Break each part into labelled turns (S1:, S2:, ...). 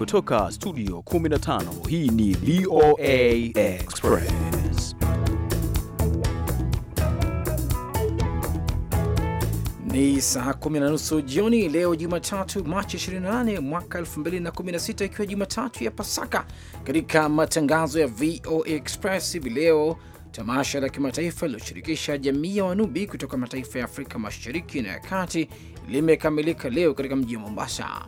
S1: kutoka studio 15 hii ni VOA Express
S2: ni saa kumi na nusu jioni leo Jumatatu, Machi 28 mwaka 2016, ikiwa Jumatatu ya Pasaka. Katika matangazo ya VOA Express hivi leo, tamasha la kimataifa liloshirikisha jamii ya Wanubi kutoka mataifa ya Afrika Mashariki na ya Kati limekamilika leo katika mji wa Mombasa.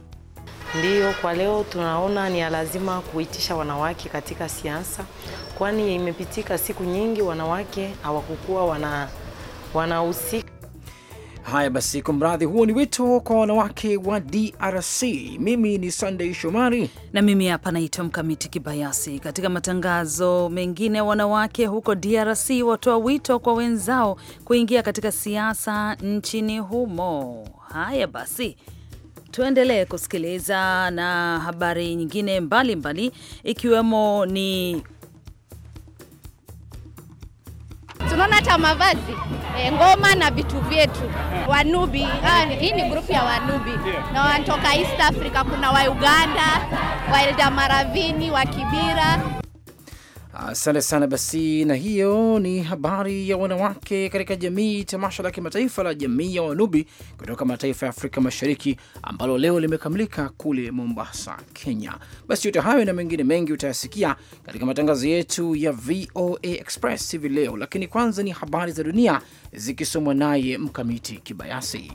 S3: Ndiyo, kwa leo tunaona ni lazima kuitisha wanawake katika siasa, kwani imepitika siku nyingi wanawake hawakukuwa wana wanahusika.
S2: Haya basi, kwa mradhi huo ni wito kwa wanawake
S4: wa DRC. Mimi ni Sunday Shomari na mimi hapa naitwa Mkamiti Kibayasi. Katika matangazo mengine, wanawake huko DRC watoa wito kwa wenzao kuingia katika siasa nchini humo. Haya basi Tuendelee kusikiliza na habari nyingine mbalimbali mbali, ikiwemo ni tunaona hata
S5: mavazi e, ngoma na vitu vyetu. Wanubi ah, hii ni grupu ya Wanubi na wanatoka East Africa. Kuna wa Uganda, wa Elda Maravini, wa Kibira
S2: Asante sana basi, na hiyo ni habari ya wanawake katika jamii, tamasha la kimataifa la jamii ya Wanubi kutoka mataifa ya Afrika Mashariki ambalo leo limekamilika kule Mombasa, Kenya. Basi yote hayo na mengine mengi utayasikia katika matangazo yetu ya VOA Express hivi leo, lakini kwanza ni habari za dunia zikisomwa naye Mkamiti Kibayasi.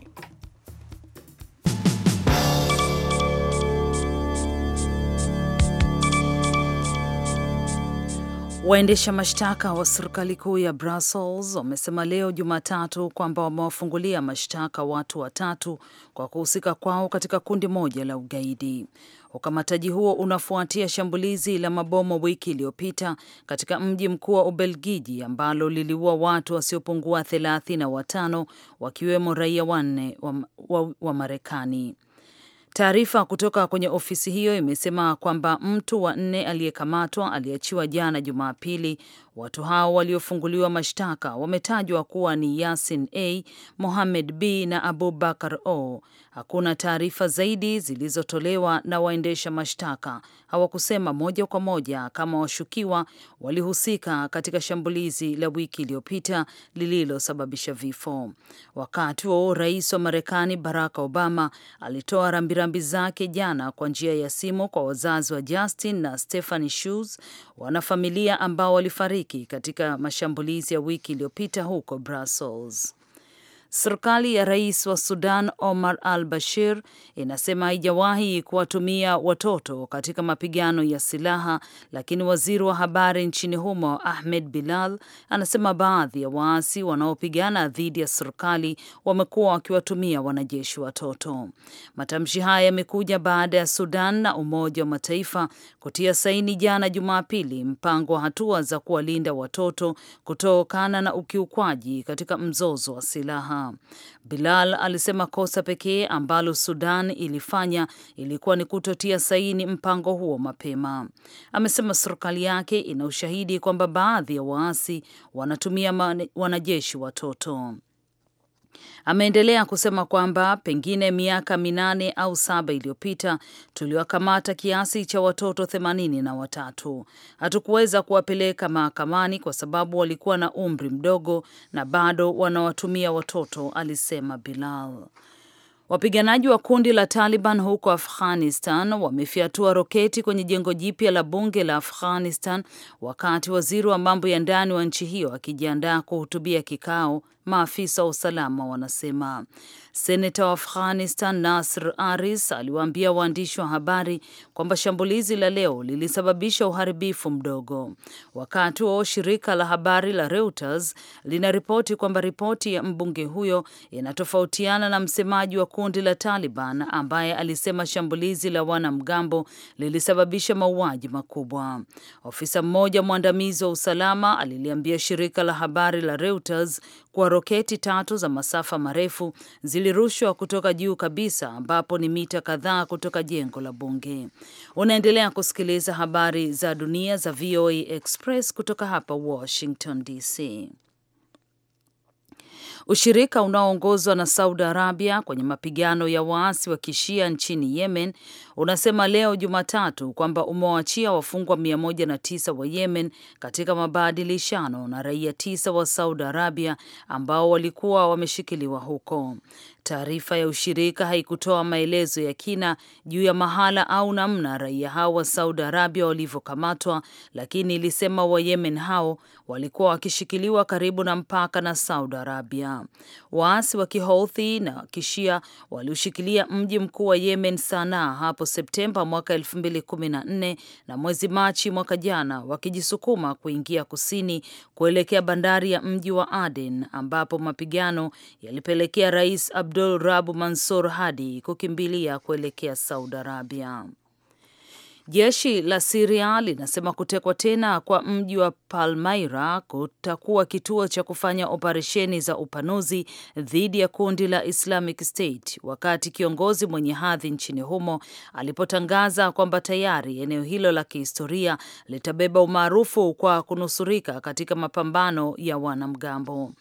S4: Waendesha mashtaka wa serikali kuu ya Brussels wamesema leo Jumatatu kwamba wamewafungulia mashtaka watu watatu kwa kuhusika kwao katika kundi moja la ugaidi. Ukamataji huo unafuatia shambulizi la mabomu wiki iliyopita katika mji mkuu wa Ubelgiji ambalo liliua watu wasiopungua thelathini na watano wakiwemo raia wanne wa, wa, wa Marekani. Taarifa kutoka kwenye ofisi hiyo imesema kwamba mtu wa nne aliyekamatwa aliachiwa jana Jumapili Watu hao waliofunguliwa mashtaka wametajwa kuwa ni Yasin A, Mohamed B na Abubakar O. Hakuna taarifa zaidi zilizotolewa na waendesha mashtaka hawakusema moja kwa moja kama washukiwa walihusika katika shambulizi la wiki iliyopita lililosababisha vifo. Wakati huo rais wa Marekani Barack Obama alitoa rambirambi zake jana kwa njia ya simu kwa wazazi wa Justin na Stephanie Shus, wanafamilia ambao walifariki kushiriki katika mashambulizi ya wiki iliyopita huko Brussels. Serikali ya rais wa Sudan Omar al Bashir inasema haijawahi kuwatumia watoto katika mapigano ya silaha, lakini waziri wa habari nchini humo Ahmed Bilal anasema baadhi ya waasi wanaopigana dhidi ya serikali wamekuwa wakiwatumia wanajeshi watoto. Matamshi haya yamekuja baada ya Sudan na Umoja wa Mataifa kutia saini jana Jumapili mpango wa hatua za kuwalinda watoto kutokana na ukiukwaji katika mzozo wa silaha silaha. Bilal alisema kosa pekee ambalo Sudan ilifanya ilikuwa ni kutotia saini mpango huo mapema. Amesema serikali yake ina ushahidi kwamba baadhi ya waasi wanatumia wanajeshi watoto. Ameendelea kusema kwamba pengine miaka minane au saba iliyopita tuliwakamata kiasi cha watoto themanini na watatu. Hatukuweza kuwapeleka mahakamani kwa sababu walikuwa na umri mdogo na bado wanawatumia watoto, alisema Bilal. Wapiganaji wa kundi la Taliban huko Afghanistan wamefyatua roketi kwenye jengo jipya la bunge la Afghanistan wakati waziri wa mambo ya ndani wa nchi hiyo akijiandaa kuhutubia kikao maafisa wa usalama wanasema. Seneta wa Afghanistan Nasr Aris aliwaambia waandishi wa habari kwamba shambulizi la leo lilisababisha uharibifu mdogo. Wakati huo shirika la habari la Reuters linaripoti kwamba ripoti ya mbunge huyo inatofautiana na msemaji wa kundi la Taliban ambaye alisema shambulizi la wanamgambo lilisababisha mauaji makubwa. Ofisa mmoja mwandamizi wa usalama aliliambia shirika la habari la Reuters kuwa roketi tatu za masafa marefu zilirushwa kutoka juu kabisa ambapo ni mita kadhaa kutoka jengo la bunge. Unaendelea kusikiliza habari za dunia za VOA Express kutoka hapa Washington DC. Ushirika unaoongozwa na Saudi Arabia kwenye mapigano ya waasi wa kishia nchini Yemen unasema leo Jumatatu kwamba umewaachia wafungwa 109 wa Yemen katika mabadilishano na raia tisa wa Saudi Arabia ambao walikuwa wameshikiliwa huko. Taarifa ya ushirika haikutoa maelezo ya kina juu ya mahala au namna raia hao wa Saudi Arabia walivyokamatwa, lakini ilisema Wayemen hao walikuwa wakishikiliwa karibu na mpaka na Saudi Arabia. Waasi wa Kihouthi na Kishia waliushikilia mji mkuu wa Yemen, Sanaa, hapo Septemba mwaka 2014 na mwezi Machi mwaka jana, wakijisukuma kuingia kusini kuelekea bandari ya mji wa Aden ambapo mapigano yalipelekea Rais Abdul Rabu Mansur Hadi kukimbilia kuelekea Saudi Arabia. Jeshi la Siria linasema kutekwa tena kwa mji wa Palmaira kutakuwa kituo cha kufanya operesheni za upanuzi dhidi ya kundi la Islamic State, wakati kiongozi mwenye hadhi nchini humo alipotangaza kwamba tayari eneo hilo la kihistoria litabeba umaarufu kwa kunusurika katika mapambano ya wanamgambo.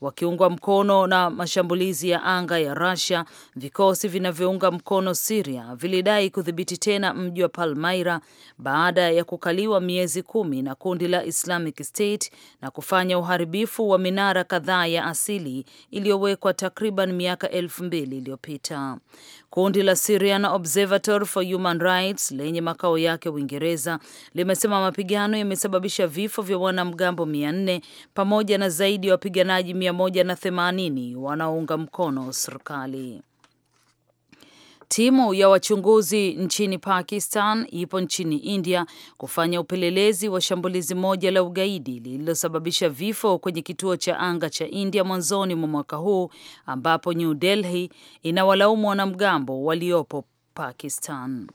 S4: Wakiungwa mkono na mashambulizi ya anga ya Russia, vikosi vinavyounga mkono Siria vilidai kudhibiti tena mji wa Palmaira Palmaira baada ya kukaliwa miezi kumi na kundi la Islamic State na kufanya uharibifu wa minara kadhaa ya asili iliyowekwa takriban miaka elfu mbili iliyopita. Kundi la Syrian Observatory for Human Rights lenye makao yake Uingereza limesema mapigano yamesababisha vifo vya wanamgambo mia nne pamoja na zaidi ya wapiganaji mia moja na themanini wanaounga mkono serikali. Timu ya wachunguzi nchini Pakistan ipo nchini India kufanya upelelezi wa shambulizi moja la ugaidi lililosababisha vifo kwenye kituo cha anga cha India mwanzoni mwa mwaka huu ambapo New Delhi inawalaumu wanamgambo waliopo Pakistan.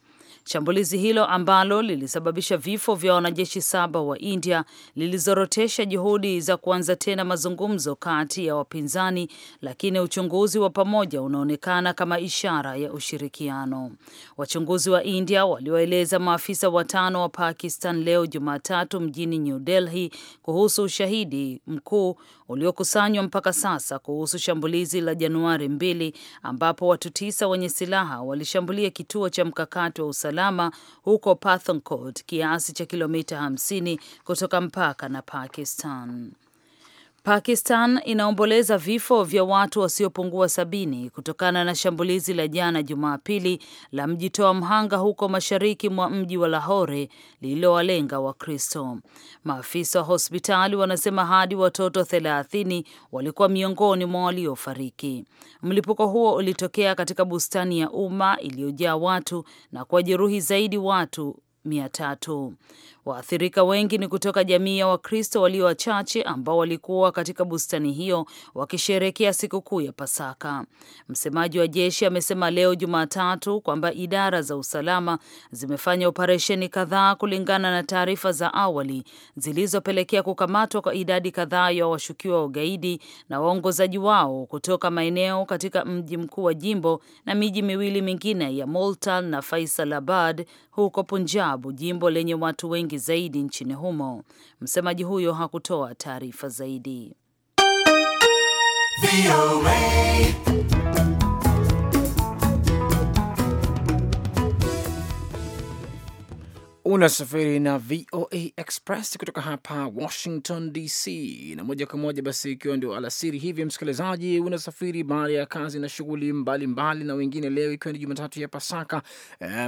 S4: Shambulizi hilo ambalo lilisababisha vifo vya wanajeshi saba wa India lilizorotesha juhudi za kuanza tena mazungumzo kati ya wapinzani, lakini uchunguzi wa pamoja unaonekana kama ishara ya ushirikiano. Wachunguzi wa India waliwaeleza maafisa watano wa Pakistan leo Jumatatu mjini New Delhi kuhusu ushahidi mkuu uliokusanywa mpaka sasa kuhusu shambulizi la Januari mbili ambapo watu tisa wenye silaha walishambulia kituo cha mkakati wa usalama huko Pathankot, kiasi cha kilomita 50 kutoka mpaka na Pakistan. Pakistan inaomboleza vifo vya watu wasiopungua sabini kutokana na shambulizi la jana Jumapili la mjitoa mhanga huko mashariki mwa mji wa Lahore lililowalenga Wakristo. Maafisa wa hospitali wanasema hadi watoto thelathini walikuwa miongoni mwa waliofariki. Mlipuko huo ulitokea katika bustani ya umma iliyojaa watu na kuwajeruhi zaidi watu mia tatu. Waathirika wengi ni kutoka jamii ya Wakristo walio wachache ambao walikuwa katika bustani hiyo wakisherekea sikukuu ya Pasaka. Msemaji wa jeshi amesema leo Jumatatu kwamba idara za usalama zimefanya operesheni kadhaa kulingana na taarifa za awali zilizopelekea kukamatwa kwa idadi kadhaa ya washukiwa wa ugaidi na waongozaji wao kutoka maeneo katika mji mkuu wa jimbo na miji miwili mingine ya Multan na Faisalabad huko Punjabu, jimbo lenye watu wengi nyingi zaidi nchini humo. Msemaji huyo hakutoa taarifa zaidi.
S2: Unasafiri na VOA Express kutoka hapa Washington DC, na moja kwa moja basi, ikiwa ndio alasiri hivi, msikilizaji, unasafiri baada ya kazi na shughuli mbalimbali, na wengine leo, ikiwa ni Jumatatu ya Pasaka,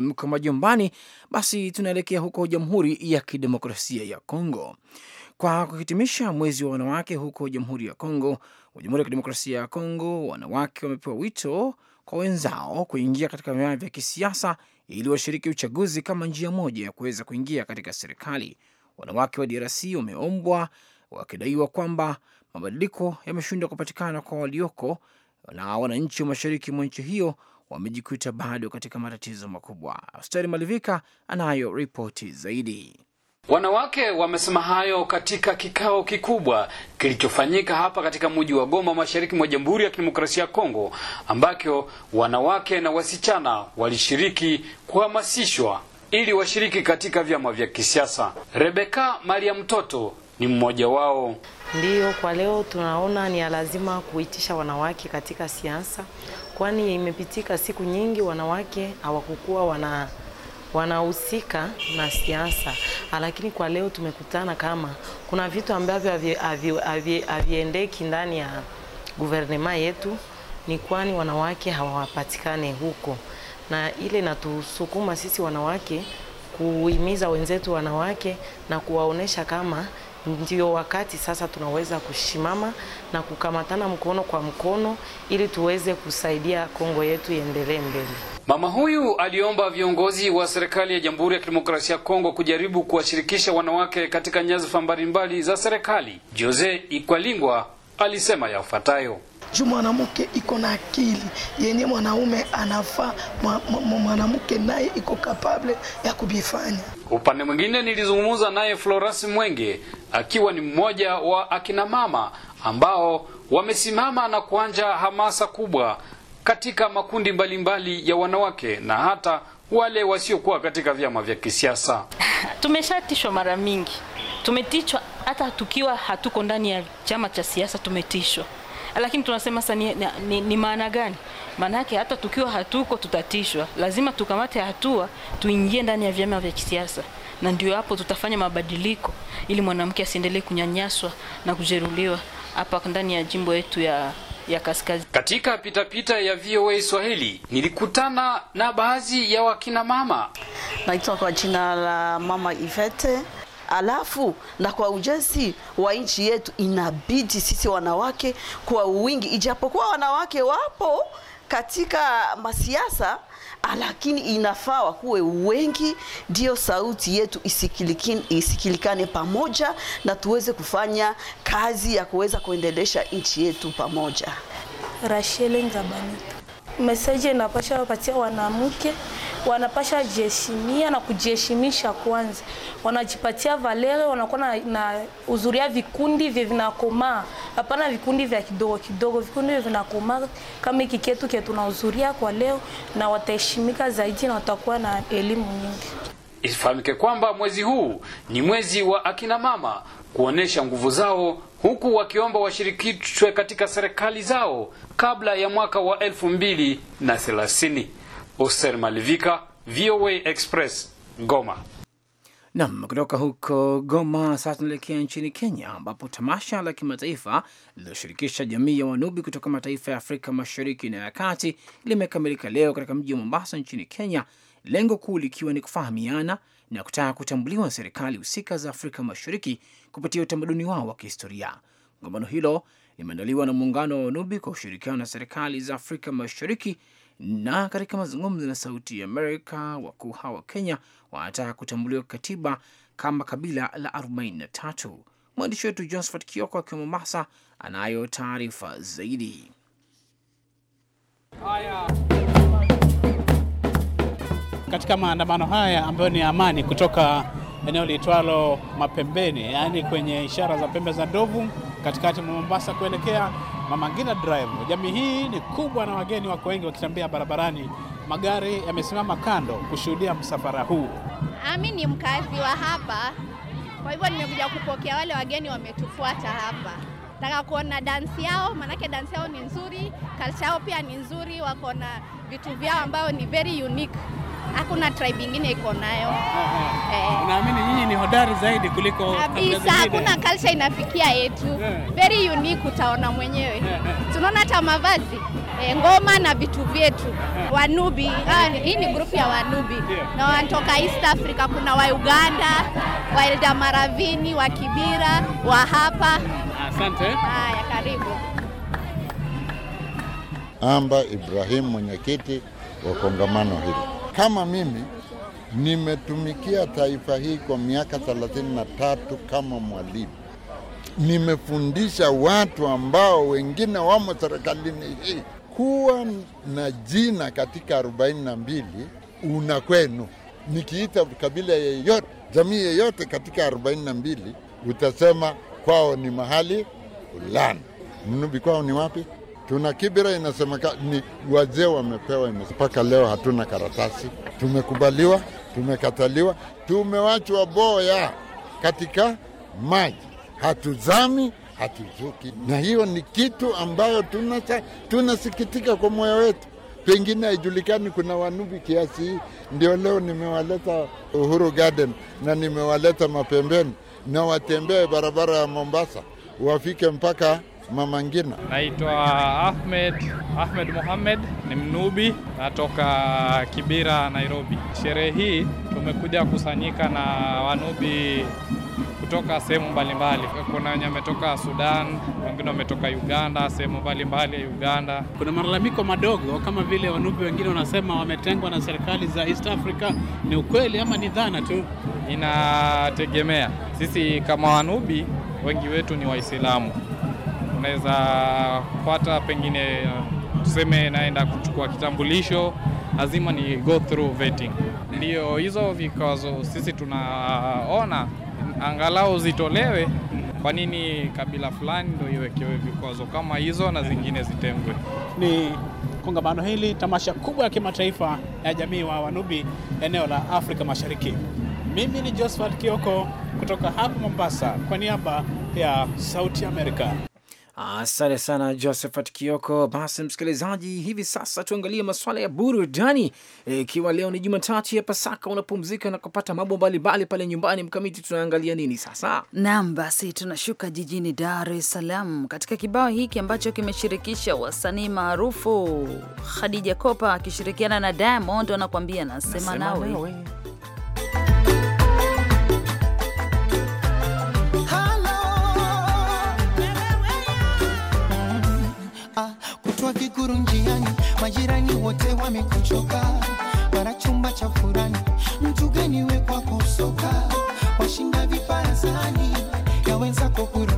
S2: mko um, majumbani, basi tunaelekea huko Jamhuri ya Kidemokrasia ya Kongo kwa kuhitimisha mwezi wa wanawake huko Jamhuri ya Kongo. Jamhuri ya Kidemokrasia ya Kongo, wanawake wamepewa wito kwa wenzao kuingia katika vyama vya kisiasa ili washiriki uchaguzi kama njia moja ya kuweza kuingia katika serikali. Wanawake wa DRC wameombwa wakidaiwa kwamba mabadiliko yameshindwa kupatikana kwa walioko, na wananchi wa mashariki mwa nchi hiyo wamejikuta bado katika matatizo makubwa. Austeri Malivika anayo ripoti zaidi.
S6: Wanawake wamesema hayo katika kikao kikubwa kilichofanyika hapa katika mji wa Goma mashariki mwa Jamhuri ya Kidemokrasia ya Kongo, ambako wanawake na wasichana walishiriki kuhamasishwa ili washiriki katika vyama vya kisiasa. Rebeka Maria Mtoto ni mmoja wao.
S3: Ndiyo, kwa leo tunaona ni lazima kuitisha wanawake katika siasa, kwani imepitika siku nyingi wanawake hawakukuwa wana wanahusika na siasa, lakini kwa leo tumekutana kama kuna vitu ambavyo haviendeki ndani ya guvernema yetu, ni kwani wanawake hawapatikane huko, na ile inatusukuma sisi wanawake kuhimiza wenzetu wanawake na kuwaonesha kama ndio wakati sasa tunaweza kushimama na kukamatana mkono kwa mkono ili tuweze kusaidia Kongo yetu iendelee mbele. Mama
S6: huyu aliomba viongozi wa serikali ya Jamhuri ya Kidemokrasia ya Kongo kujaribu kuwashirikisha wanawake katika nyadhifa mbalimbali za serikali. Jose Ikwalingwa alisema yafuatayo:
S3: juu mwanamke iko na akili yenye mwanaume anafaa, mwanamke naye iko kapable ya kubifanya.
S6: Upande mwingine nilizungumza naye Florasi Mwenge akiwa ni mmoja wa akina mama ambao wamesimama na kuanja hamasa kubwa katika makundi mbalimbali mbali ya wanawake na hata wale wasiokuwa katika vyama vya kisiasa.
S4: Tumeshatishwa mara mingi, tumetishwa hata tukiwa hatuko ndani ya chama cha siasa tumetishwa, lakini tunasema sasa ni, ni, ni maana gani? Maana yake hata tukiwa hatuko tutatishwa, lazima tukamate hatua tuingie ndani ya vyama vya kisiasa na ndio hapo tutafanya mabadiliko ili mwanamke asiendelee kunyanyaswa na kujeruliwa hapa ndani ya jimbo
S3: yetu ya ya kaskazini.
S6: Katika pitapita pita ya VOA Swahili
S3: nilikutana na baadhi ya wakina mama. Naitwa kwa jina la Mama Ivete. Alafu na kwa ujenzi wa nchi yetu inabidi sisi wanawake kwa wingi, ijapokuwa wanawake wapo katika masiasa Ah, lakini inafaa wakuwe wengi, ndiyo sauti yetu isikilikane pamoja, na tuweze kufanya kazi ya kuweza kuendelesha nchi yetu pamoja. Rachel Ngabanito meseji inapasha wapatia wanamke, wanapasha jiheshimia na kujiheshimisha kwanza, wanajipatia
S4: valere, wanakuwa na, na uzuria vikundi vya vinakomaa, hapana vikundi vya kidogo
S3: kidogo, vikundi vya vinakomaa kama hiki ketu na uzuria kwa leo, na wataheshimika zaidi na watakuwa na elimu nyingi.
S6: Isifahamike kwamba mwezi huu ni mwezi wa akina mama kuonesha nguvu zao huku wakiomba washirikishwe katika serikali zao kabla ya mwaka wa elfu mbili na thelathini. Oser Malivika, VOA Express, Goma.
S2: Nam, kutoka huko Goma sasa tunaelekea nchini Kenya, ambapo tamasha la kimataifa lililoshirikisha jamii ya Wanubi kutoka mataifa ya Afrika mashariki na ya kati limekamilika leo katika mji wa Mombasa nchini Kenya, lengo kuu likiwa ni kufahamiana na kutaka kutambuliwa na serikali husika za Afrika Mashariki kupitia utamaduni wao wa kihistoria. Kongamano hilo limeandaliwa na Muungano wa Wanubi kwa ushirikiano na serikali za Afrika Mashariki, na katika mazungumzo na Sauti ya Amerika, wakuu hawa wa Kenya wanataka kutambuliwa katiba kama kabila la 43. Mwandishi wetu Josephat Kioko akiwa Mombasa anayo taarifa zaidi
S6: katika maandamano haya ambayo ni amani kutoka eneo liitwalo Mapembeni, yaani kwenye ishara za pembe za ndovu katikati mwa Mombasa kuelekea Mama Ngina Drive. Jamii hii ni kubwa na wageni wako wengi wakitembea barabarani. Magari yamesimama kando kushuhudia msafara huu.
S5: Ami ni mkazi wa hapa, kwa hivyo nimekuja kupokea wale wageni wametufuata hapa. taka kuona dansi yao, maanake dansi yao ni nzuri, kalcha yao pia ni nzuri, wako na vitu vyao ambayo ni very unique hakuna tribe ingine iko nayo. Ah,
S6: ah. Eh. nyinyi ni hodari zaidi kuliko kabisa, hakuna
S5: culture inafikia yetu yeah. Very unique, utaona mwenyewe yeah. Eh. Tunaona hata mavazi eh, ngoma na vitu vyetu yeah. Wanubi ah, hii ni grupu ya Wanubi yeah. Na wanatoka East Africa, kuna wa Uganda, wa Maravini, wa Kibira, wa hapa.
S6: Asante. Haya,
S5: karibu
S7: Amba Ibrahim, mwenyekiti wa kongamano hili. Kama mimi nimetumikia taifa hii kwa miaka thelathini na tatu kama mwalimu, nimefundisha watu ambao wengine wamo serikalini hii. Kuwa na jina katika arobaini na mbili una kwenu. Nikiita kabila yeyote, jamii yeyote katika arobaini na mbili utasema kwao ni mahali fulani. Mnubi kwao ni wapi? tuna Kibira, inasemeka ni wazee wamepewa, mpaka leo hatuna karatasi. Tumekubaliwa, tumekataliwa, tumewachwa boya katika maji, hatuzami, hatuzuki, na hiyo ni kitu ambayo tunasikitika kwa moyo wetu. Pengine haijulikani kuna wanubi kiasi hii. Ndio leo nimewaleta Uhuru Garden na nimewaleta mapembeni, na watembee barabara ya Mombasa wafike mpaka Mama Ngina.
S6: Naitwa Ahmed Ahmed Mohamed, ni mnubi, natoka Kibira, Nairobi. Sherehe hii tumekuja kusanyika na wanubi kutoka sehemu mbalimbali. Kuna wenye wametoka Sudan, wengine wametoka Uganda, sehemu mbalimbali ya Uganda. Kuna malalamiko madogo kama vile wanubi wengine wanasema wametengwa na serikali za East Africa. Ni ukweli ama ni dhana tu? Inategemea. Sisi kama wanubi wengi wetu ni Waislamu unaweza kupata pengine, tuseme naenda kuchukua kitambulisho, lazima ni go through vetting. Ndio hizo vikwazo sisi tunaona angalau zitolewe. Kwa nini kabila fulani ndio iwekewe vikwazo kama hizo na zingine zitengwe? Ni kongamano hili tamasha kubwa ya kimataifa ya jamii wa Wanubi eneo la Afrika Mashariki. Mimi ni Josephat Kioko kutoka hapa Mombasa kwa niaba ya Sauti Amerika.
S2: Asante sana Josephat Kioko. Basi msikilizaji, hivi sasa tuangalie maswala ya burudani, ikiwa e, leo ni Jumatatu ya Pasaka, unapumzika na kupata mambo mbalimbali pale nyumbani. Mkamiti, tunaangalia
S4: nini sasa? Naam, basi tunashuka jijini Dar es Salaam katika kibao hiki ambacho kimeshirikisha wasanii maarufu Khadija Kopa akishirikiana na Diamond, wanakuambia nasema nawe, nawe.
S5: ah, kutwa kikuru njiani, majirani wote wamekuchoka, mara chumba cha furani, mtu gani we kwako soka, washinda viparasani ya wenzako kuru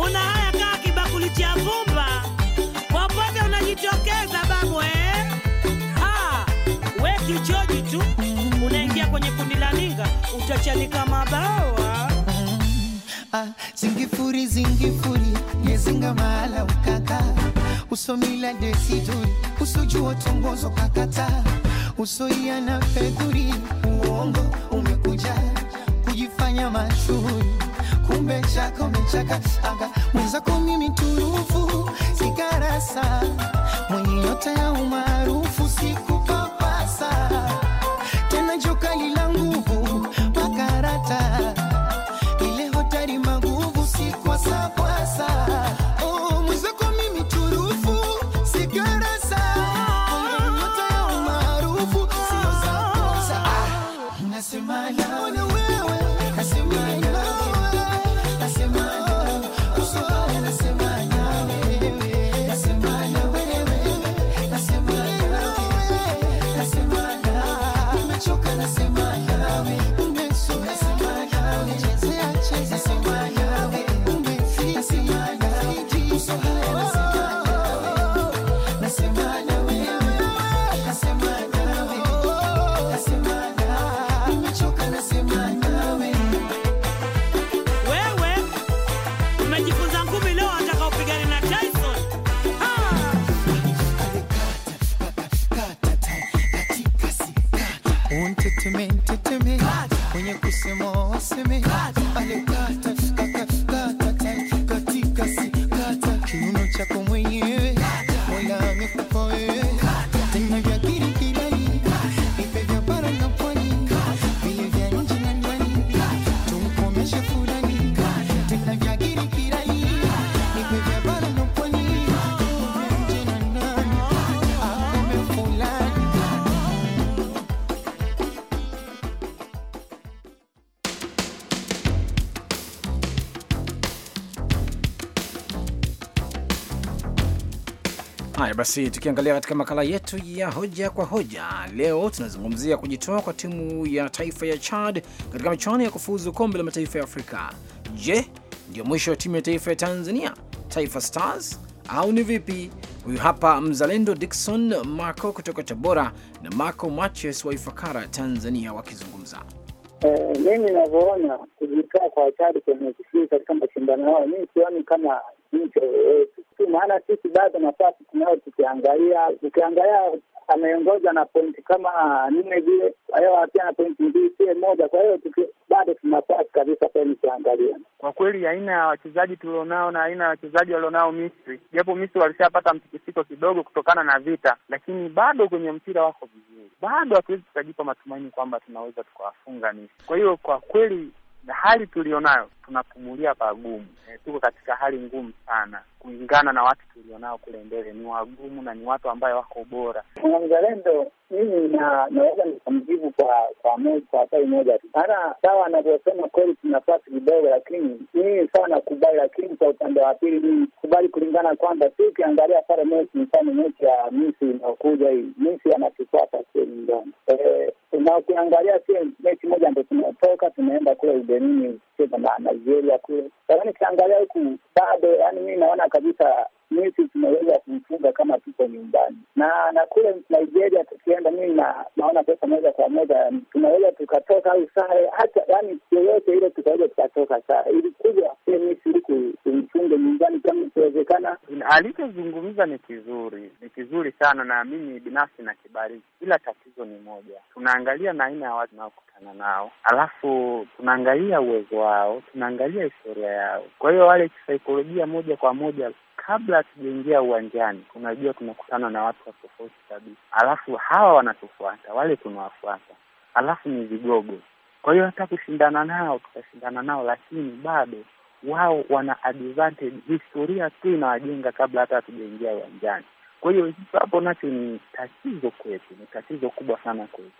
S3: Una haya kaa kibakuli cha vumba, popote unajitokeza babu eh? Ha, we kichoji tu unaingia kwenye kundi la ninga utachanika
S5: mabawa. Ah, zingifuri zingifuri yezinga mahala ukaka usomila desituri usojuo tongozo kakata na fedhuri uongo umekuja kujifanya mashuhuri kumbe chako mechaka aga mwenzako mimi turufu sigarasa mwenye nyota ya umani
S2: Basi tukiangalia katika makala yetu ya hoja kwa hoja, leo tunazungumzia kujitoa kwa timu ya taifa ya Chad katika michuano ya kufuzu kombe la mataifa ya Afrika. Je, ndio mwisho wa timu ya taifa ya Tanzania, Taifa Stars, au ni vipi? Huyu hapa mzalendo dikson Marco kutoka Tabora na Marco Maches wa Ifakara, Tanzania, wakizungumza.
S8: Eh, mimi navyoona kujikaa kwa hatari kwenye kisii katika mashindano hayo, mii sioni kama nchi yoyote tu, maana sisi bado nafasi tunayo, tukiangalia tukiangalia ameongoza na pointi kama ah, nne vile, kwa hiyo akiwa na pointi mbili sie moja. Kwa hiyo bado tunafasi kabisa pale tuangalia.
S9: Kwa kweli, aina ya wachezaji tulionao na aina ya wachezaji walionao Misri, japo Misri walishapata mtikisiko kidogo kutokana na vita, lakini bado kwenye mpira
S8: wako vizuri,
S9: bado hatuwezi tukajipa matumaini kwamba tunaweza tukawafunga Misri. Kwa hiyo kwa kweli hali tulionayo tunapumulia pagumu. E, tuko katika hali ngumu sana kulingana na watu tulionao kule mbele, ni wagumu na ni watu ambayo wako bora. Kuna
S8: mzalendo mimi naweza nikamjibu kwa tai moja tu. Maana sawa anavyosema kweli, tuna nafasi kidogo, lakini mimi sawa nakubali, lakini kwa upande wa pili mimi kubali kulingana kwamba, si ukiangalia pale mechi, mfano mechi ya Misri inaokuja hii, Misri anatufuata sio nyumbani eh, na ukiangalia si mechi moja ndo tunatoka tunaenda kule Ubenini kucheza na Nigeria kule, lakini ukiangalia huku bado, yani mii naona kabisa Misri tunaweza kumfunga kama hapo nyumbani. Na na kule Nigeria tukienda, mimi na naona pesa moja kwa moja tunaweza tukatoka au sare hata, yani yoyote ile tukaweza tukatoka. Saa ilikuja misiri kumfunge nyumbani kama ikiwezekana.
S9: Alichozungumza ni kizuri, ni kizuri sana, na mimi binafsi nakibariki, ila tatizo ni moja, tunaangalia na aina ya watu tunaokutana nao, alafu tunaangalia uwezo wao, tunaangalia historia yao. Kwa hiyo wale kisaikolojia moja kwa moja kabla hatujaingia uwanjani, unajua tunakutana na watu
S8: wa tofauti kabisa,
S9: alafu hawa wanatufuata, wale tunawafuata, alafu ni vigogo. Kwa hiyo hata kushindana nao tutashindana nao, lakini bado wao wana advantage. Historia tu inawajenga kabla hata hatujaingia uwanjani. Kwa hiyo hapo nacho ni tatizo kwetu, ni tatizo kubwa sana kwetu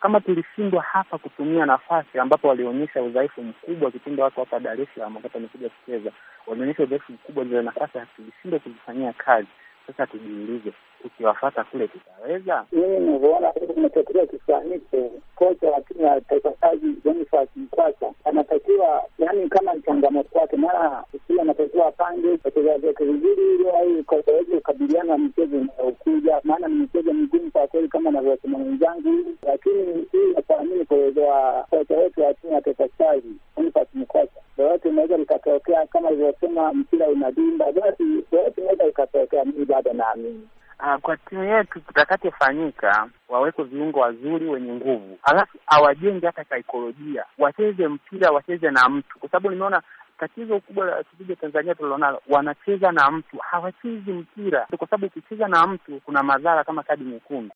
S9: kama tulishindwa hapa kutumia nafasi ambapo walionyesha udhaifu mkubwa kipindi wako hapa Dar es Salaam wakati wamekuja kucheza, walionyesha udhaifu mkubwa, zile nafasi tulishindwa kuzifanyia kazi. Sasa tujiulize, ukiwafata kule
S8: tutaweza. Mimi navyoona kimetakiwa kifanyike, kocha wa timu ya Taifa Stars Bonifas Mkwasa anatakiwa, yani kama ni changamoto kwake, mara usia anatakiwa apange wachezaji wake vizuri, ili ai kaweze kukabiliana na michezo unaokuja, maana ni michezo migumu kwa kweli, kama anavyosema mwenzangu. Lakini hii nakuamini kwa uwezo wa kocha wetu wa timu ya Taifa Stars Bonifas Mkwasa, lolote inaweza likatokea, kama alivyosema mpira unadimba, basi lolote inaweza likatokea. Mimi bado naamini
S9: Ah, kwa timu yetu kitakachofanyika waweko viungo wazuri wenye nguvu, alafu awajenge hata saikolojia, wacheze mpira, wacheze na mtu, kwa sababu nimeona tatizo kubwa la kikija Tanzania tulilonalo, wanacheza na mtu, hawachezi mpira, kwa sababu ukicheza na mtu kuna madhara kama kadi nyekundu.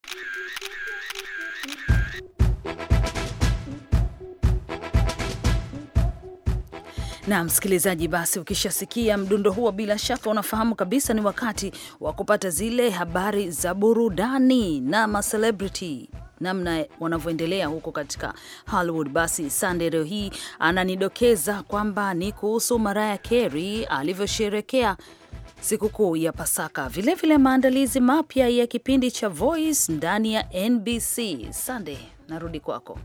S4: Na msikilizaji, basi ukishasikia mdundo huo, bila shaka unafahamu kabisa ni wakati wa kupata zile habari za burudani na macelebrity namna wanavyoendelea huko katika Hollywood. Basi Sande leo hii ananidokeza kwamba ni kuhusu Mariah Carey alivyosherekea sikukuu ya Pasaka, vilevile maandalizi mapya ya kipindi cha Voice ndani ya NBC. Sande, narudi kwako.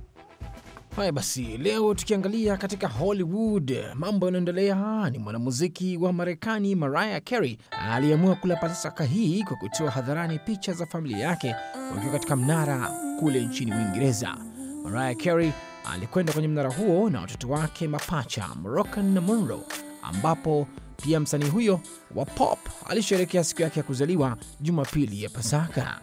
S2: Haya basi, leo tukiangalia katika Hollywood mambo yanaendelea, ni mwanamuziki wa Marekani Mariah Carey aliyeamua kula pasaka hii kwa kutoa hadharani picha za familia yake wakiwa katika mnara kule nchini Uingereza. Mariah Carey alikwenda kwenye mnara huo na watoto wake mapacha Moroccan na Monroe, ambapo pia msanii huyo wa pop alisherehekea siku yake ya kuzaliwa Jumapili ya Pasaka.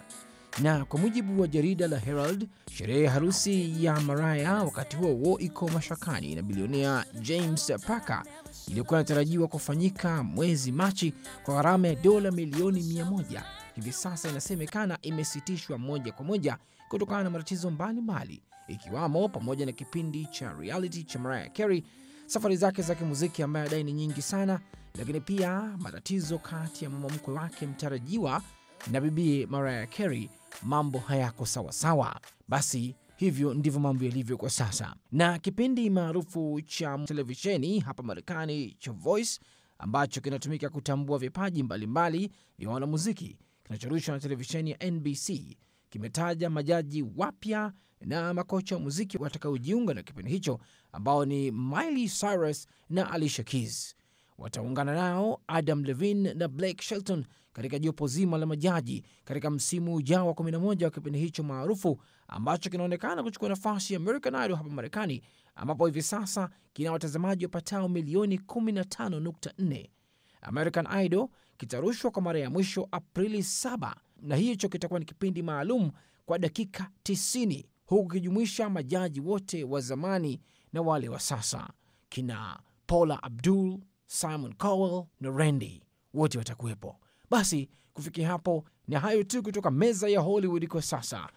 S2: Na kwa mujibu wa jarida la Herald, sherehe ya harusi ya Maraya wakati huo huo iko mashakani na bilionea James Packer iliyokuwa inatarajiwa kufanyika mwezi Machi kwa gharama ya dola milioni mia moja hivi sasa inasemekana imesitishwa moja kwa moja kutokana na matatizo mbalimbali, ikiwamo pamoja na kipindi cha reality cha Mariah Carey, safari zake za kimuziki ambaye adai ni nyingi sana, lakini pia matatizo kati ya mama mkwe wake mtarajiwa na bibie Mariah Carey mambo hayako sawasawa. Basi hivyo ndivyo mambo yalivyo kwa sasa, na kipindi maarufu cha televisheni hapa Marekani cha Voice ambacho kinatumika kutambua vipaji mbalimbali vya wanamuziki kinachorushwa na televisheni ya NBC kimetaja majaji wapya na makocha wa muziki watakaojiunga na kipindi hicho ambao ni Miley Cyrus na Alicia Keys wataungana nao Adam levin na Blake Shelton katika jopo zima la majaji katika msimu ujao wa 11 wa kipindi hicho maarufu ambacho kinaonekana kuchukua nafasi ya American Idol hapa Marekani, ambapo hivi sasa kina watazamaji wapatao milioni 15.4. American Idol kitarushwa kwa mara ya mwisho Aprili 7 na hicho kitakuwa ni kipindi maalum kwa dakika 90 huku kijumuisha majaji wote wa zamani na wale wa sasa, kina Paula Abdul Simon Cowell na Randy wote watakuwepo. Basi kufikia hapo ni hayo tu kutoka meza ya Hollywood kwa sasa.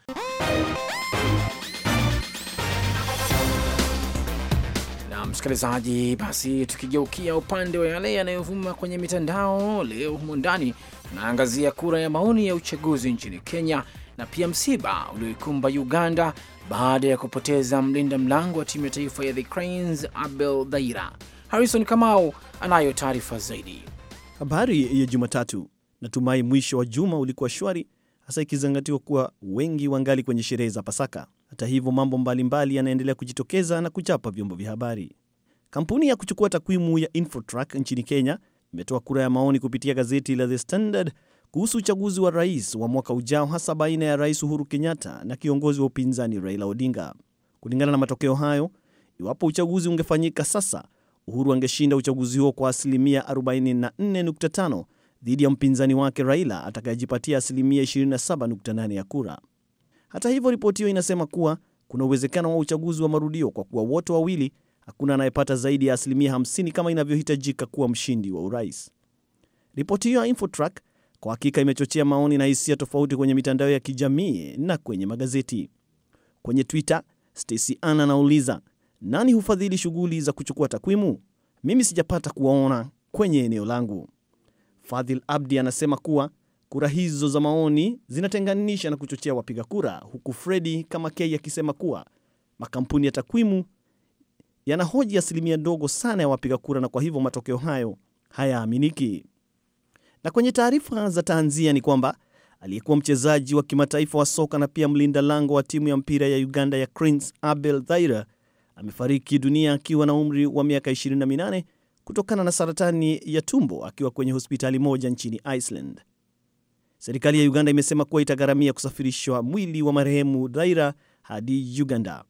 S2: Na msikilizaji, basi tukigeukia upande wa yale yanayovuma kwenye mitandao leo, humo ndani tunaangazia kura ya maoni ya uchaguzi nchini Kenya na pia msiba ulioikumba Uganda baada ya kupoteza mlinda mlango wa timu ya taifa ya the Cranes Abel Daira. Harrison Kamau anayo taarifa zaidi.
S1: Habari ya Jumatatu. Natumai mwisho wa juma ulikuwa shwari, hasa ikizingatiwa kuwa wengi wangali kwenye sherehe za Pasaka. Hata hivyo, mambo mbalimbali yanaendelea kujitokeza na kuchapa vyombo vya habari. Kampuni ya kuchukua takwimu ya Infotrack nchini Kenya imetoa kura ya maoni kupitia gazeti la The Standard kuhusu uchaguzi wa rais wa mwaka ujao, hasa baina ya Rais Uhuru Kenyatta na kiongozi wa upinzani Raila Odinga. Kulingana na matokeo hayo, iwapo uchaguzi ungefanyika sasa, Uhuru angeshinda uchaguzi huo kwa asilimia 44.5 dhidi ya mpinzani wake Raila atakayejipatia asilimia 27.8 ya kura. Hata hivyo, ripoti hiyo inasema kuwa kuna uwezekano wa uchaguzi wa marudio kwa kuwa wote wawili hakuna anayepata zaidi ya asilimia 50 kama inavyohitajika kuwa mshindi wa urais. Ripoti hiyo ya Infotrack kwa hakika imechochea maoni na hisia tofauti kwenye mitandao ya kijamii na kwenye magazeti. Kwenye Twitter, Stacy Ann anauliza nani hufadhili shughuli za kuchukua takwimu? Mimi sijapata kuwaona kwenye eneo langu. Fadhil Abdi anasema kuwa kura hizo za maoni zinatenganisha na kuchochea wapiga kura, huku Fredi kama k akisema kuwa makampuni ya takwimu yanahoji asilimia ndogo sana ya wapiga kura, na kwa hivyo matokeo hayo hayaaminiki. Na kwenye taarifa za tanzia ni kwamba aliyekuwa mchezaji wa kimataifa wa soka na pia mlinda lango wa timu ya mpira ya Uganda ya Cranes Abel Dhaira amefariki dunia akiwa na umri wa miaka 28 kutokana na saratani ya tumbo akiwa kwenye hospitali moja nchini Iceland. Serikali ya Uganda imesema kuwa itagharamia kusafirishwa mwili wa marehemu dhaira hadi Uganda.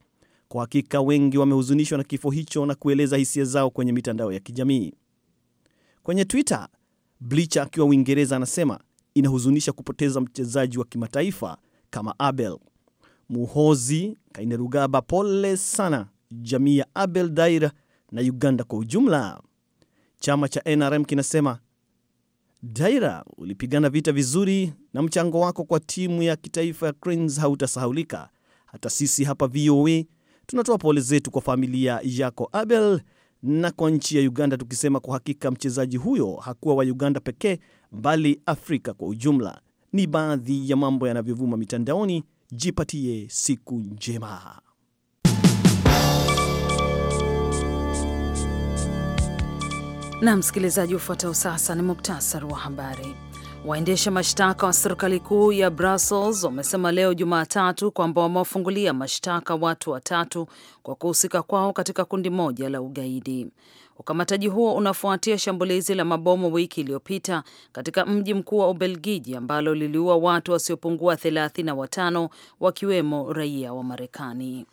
S1: Kwa hakika wengi wamehuzunishwa na kifo hicho na kueleza hisia zao kwenye mitandao ya kijamii. Kwenye Twitter, Blicha akiwa Uingereza anasema inahuzunisha kupoteza mchezaji wa kimataifa kama Abel Muhozi Kainerugaba. Pole sana jamii ya Abel Dair na Uganda kwa ujumla. Chama cha NRM kinasema Daira, ulipigana vita vizuri na mchango wako kwa timu ya kitaifa ya Cranes hautasahaulika. Hata sisi hapa VOA tunatoa pole zetu kwa familia yako Abel na kwa nchi ya Uganda, tukisema kwa hakika mchezaji huyo hakuwa wa Uganda pekee bali Afrika kwa ujumla. Ni baadhi ya mambo yanavyovuma mitandaoni. Jipatie siku njema.
S4: Na msikilizaji, ufuatao sasa ni muktasari wa habari. Waendesha mashtaka wa serikali kuu ya Brussels wamesema leo Jumatatu kwamba wamewafungulia mashtaka watu watatu kwa kuhusika kwao katika kundi moja la ugaidi. Ukamataji huo unafuatia shambulizi la mabomu wiki iliyopita katika mji mkuu wa Ubelgiji ambalo liliua watu wasiopungua thelathini na watano wakiwemo raia wa Marekani.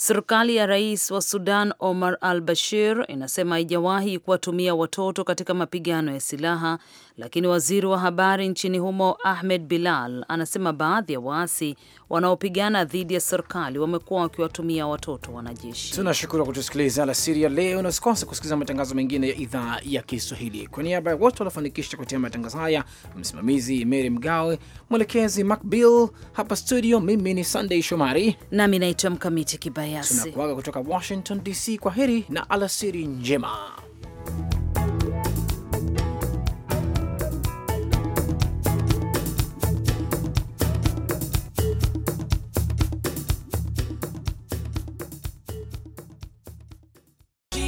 S4: Serikali ya rais wa Sudan Omar al Bashir inasema haijawahi kuwatumia watoto katika mapigano ya silaha, lakini waziri wa habari nchini humo Ahmed Bilal anasema baadhi ya waasi wanaopigana dhidi ya serikali wamekuwa wakiwatumia watoto wanajeshi. Tunashukuru
S2: kutusikiliza alasiri ya leo, na usikose kusikiliza matangazo mengine ya idhaa ya Kiswahili. Kwa niaba ya wote waliofanikisha kutia matangazo haya, msimamizi Mary Mgawe, mwelekezi Macbill hapa studio, mimi ni Sunday Shomari nami naitwa Mkamiti Kibai. Kibayasi. Tunakuaga kutoka Washington DC. Kwa heri na alasiri njema.